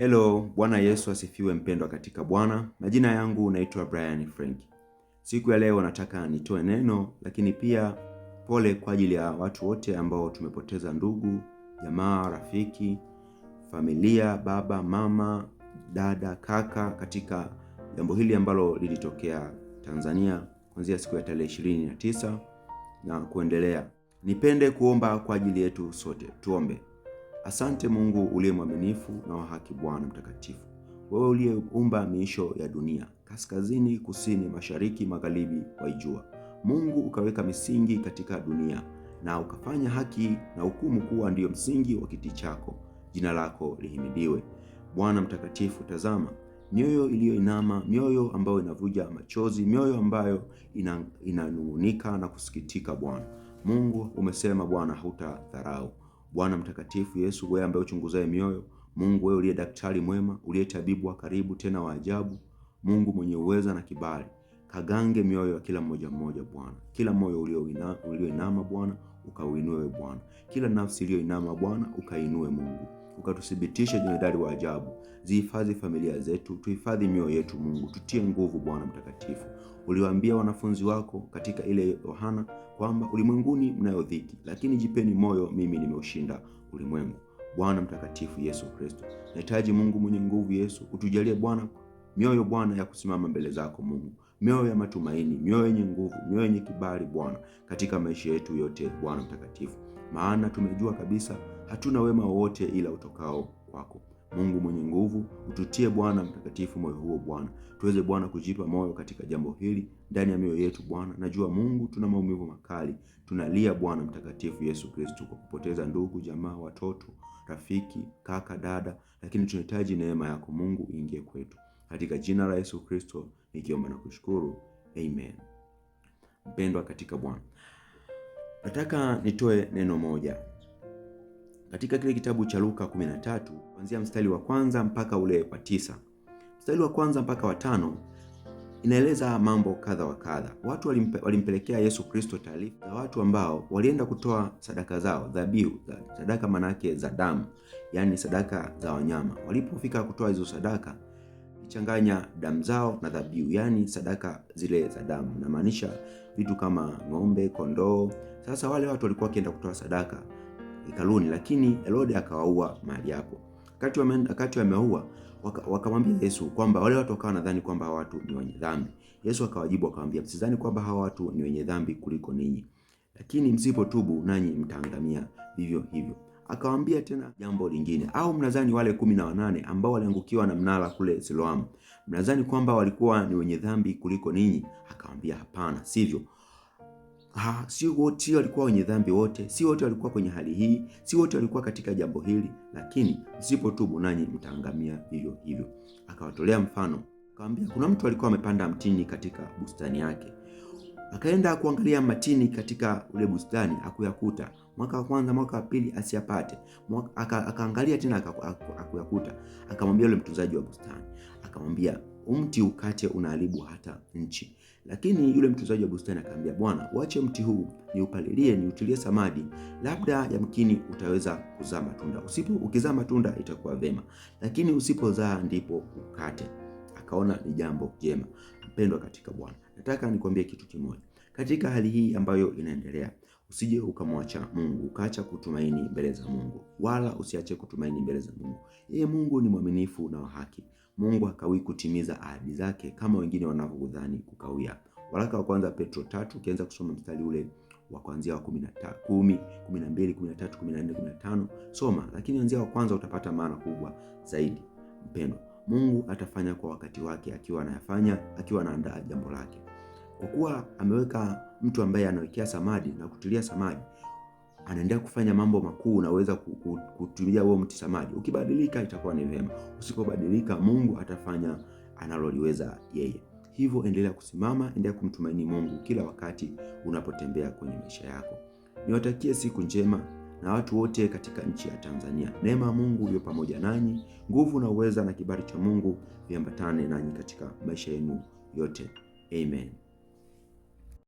Hello, Bwana Yesu asifiwe mpendwa katika Bwana. Majina yangu naitwa Brian Frank. Siku ya leo nataka nitoe neno lakini pia pole kwa ajili ya watu wote ambao tumepoteza ndugu, jamaa, rafiki, familia, baba, mama, dada, kaka katika jambo hili ambalo lilitokea Tanzania kuanzia siku ya tarehe 29 na kuendelea. Nipende kuomba kwa ajili yetu sote. Tuombe. Asante Mungu uliye mwaminifu na wa haki, Bwana mtakatifu, wewe uliyeumba miisho ya dunia, kaskazini, kusini, mashariki, magharibi waijua. Mungu ukaweka misingi katika dunia na ukafanya haki na hukumu kuwa ndiyo msingi wa kiti chako. Jina lako lihimidiwe Bwana mtakatifu. Tazama mioyo iliyoinama, mioyo ambayo inavuja machozi, mioyo ambayo inanungunika na kusikitika. Bwana Mungu umesema, Bwana hutadharau Bwana mtakatifu Yesu, wewe ambaye uchunguzaye mioyo, Mungu wewe uliye daktari mwema, uliye tabibu wa karibu tena wa ajabu, Mungu mwenye uweza na kibali, kagange mioyo ya kila mmoja mmoja Bwana, kila moyo ulioinama Bwana ukauinue Bwana, kila nafsi iliyoinama Bwana ukainue Mungu ukatuthibitisha jemadari wa ajabu. Zihifadhi familia zetu, tuhifadhi mioyo yetu Mungu, tutie nguvu Bwana Mtakatifu. Uliwaambia wanafunzi wako katika ile Yohana kwamba ulimwenguni mnayo dhiki, lakini jipeni moyo, mimi nimeushinda ulimwengu. Bwana Mtakatifu Yesu Kristo, nahitaji Mungu mwenye nguvu, Yesu utujalie Bwana mioyo Bwana ya kusimama mbele zako Mungu mioyo ya matumaini, mioyo yenye nguvu, mioyo yenye kibali, Bwana, katika maisha yetu yote, Bwana mtakatifu, maana tumejua kabisa hatuna wema wowote ila utokao kwako. Mungu mwenye nguvu, ututie Bwana mtakatifu moyo huo Bwana, tuweze Bwana kujipa moyo katika jambo hili ndani ya mioyo yetu Bwana. Najua Mungu tuna maumivu makali, tunalia Bwana mtakatifu Yesu Kristo kwa kupoteza ndugu, jamaa, watoto, rafiki, kaka, dada, lakini tunahitaji neema yako Mungu ingie kwetu katika jina la Yesu Kristo nikiomba na kushukuru amen. Mpendwa katika Bwana, nataka nitoe neno moja katika kile kitabu cha Luka 13 kuanzia mstari wa kwanza mpaka ule wa tisa. Mstari wa kwanza mpaka wa tano inaeleza mambo kadha wa kadha. Watu walimpe, walimpelekea Yesu Kristo taarifa za watu ambao walienda kutoa sadaka zao dhabihu, za, sadaka manake za damu, yaani sadaka za wanyama. Walipofika kutoa hizo sadaka changanya damu zao na dhabihu, yani sadaka zile za damu, namaanisha vitu kama ng'ombe, kondoo. Sasa wale watu walikuwa wakienda kutoa sadaka hekaluni, lakini Herode akawaua mahali hapo. Wakati wameua wakamwambia waka Yesu kwamba wale watu wakawa nadhani kwamba hawa watu ni wenye dhambi. Yesu akawajibu akamwambia, msidhani kwamba hawa watu ni wenye dhambi kuliko ninyi, lakini msipotubu nanyi mtaangamia vivyo hivyo. Akawaambia tena jambo lingine, au mnadhani wale kumi na wanane ambao waliangukiwa na mnara kule Siloamu, mnadhani kwamba walikuwa ni wenye dhambi kuliko ninyi? Akawaambia hapana, sivyo. Ha, si wote walikuwa wenye dhambi wote, si wote walikuwa kwenye hali hii, si wote walikuwa katika jambo hili, lakini msipotubu nanyi mtaangamia vivyo hivyo. Akawatolea mfano, akawaambia kuna mtu alikuwa amepanda mtini katika bustani yake Akaenda kuangalia matini katika ule bustani, akuyakuta. Mwaka wa kwanza, mwaka wa pili asiyapate, akaangalia tena akuyakuta. Akamwambia yule mtunzaji wa bustani, akamwambia mti ukate, unaharibu hata nchi. Lakini yule mtunzaji wa bustani akamwambia, bwana, uache mti huu, niupalilie, niutilie samadi, labda yamkini utaweza kuzaa matunda. Usipo ukizaa matunda itakuwa vema, lakini usipozaa ndipo ukate akaona ni jambo jema. Mpendwa katika Bwana, nataka nikwambie kitu kimoja katika hali hii ambayo inaendelea usije ukamwacha Mungu ukaacha kutumaini mbele za Mungu, wala usiache kutumaini mbele za Mungu. Yeye Mungu ni mwaminifu na wa haki. Mungu hakawi kutimiza ahadi zake kama wengine wanavyodhani kukawia. Waraka wa kwanza Petro tatu, ukianza kusoma mstari ule wa kuanzia wa 10, 12, 13, 14, 15 soma, lakini anzia wa kwanza utapata maana kubwa zaidi, mpendwa. Mungu atafanya kwa wakati wake, akiwa anayafanya, akiwa anaandaa jambo lake. Kwa kuwa ameweka mtu ambaye anawekea samadi na kutilia samadi, anaendelea kufanya mambo makuu. Unaweza kutumia huo mti samadi, ukibadilika itakuwa ni vema, usipobadilika Mungu atafanya analoliweza yeye. Hivyo endelea kusimama, endelea kumtumaini Mungu kila wakati unapotembea kwenye maisha yako. Niwatakie siku njema na watu wote katika nchi ya Tanzania. Neema ya Mungu iwe pamoja nanyi, nguvu na uweza na kibali cha Mungu viambatane nanyi katika maisha yenu yote. Amen.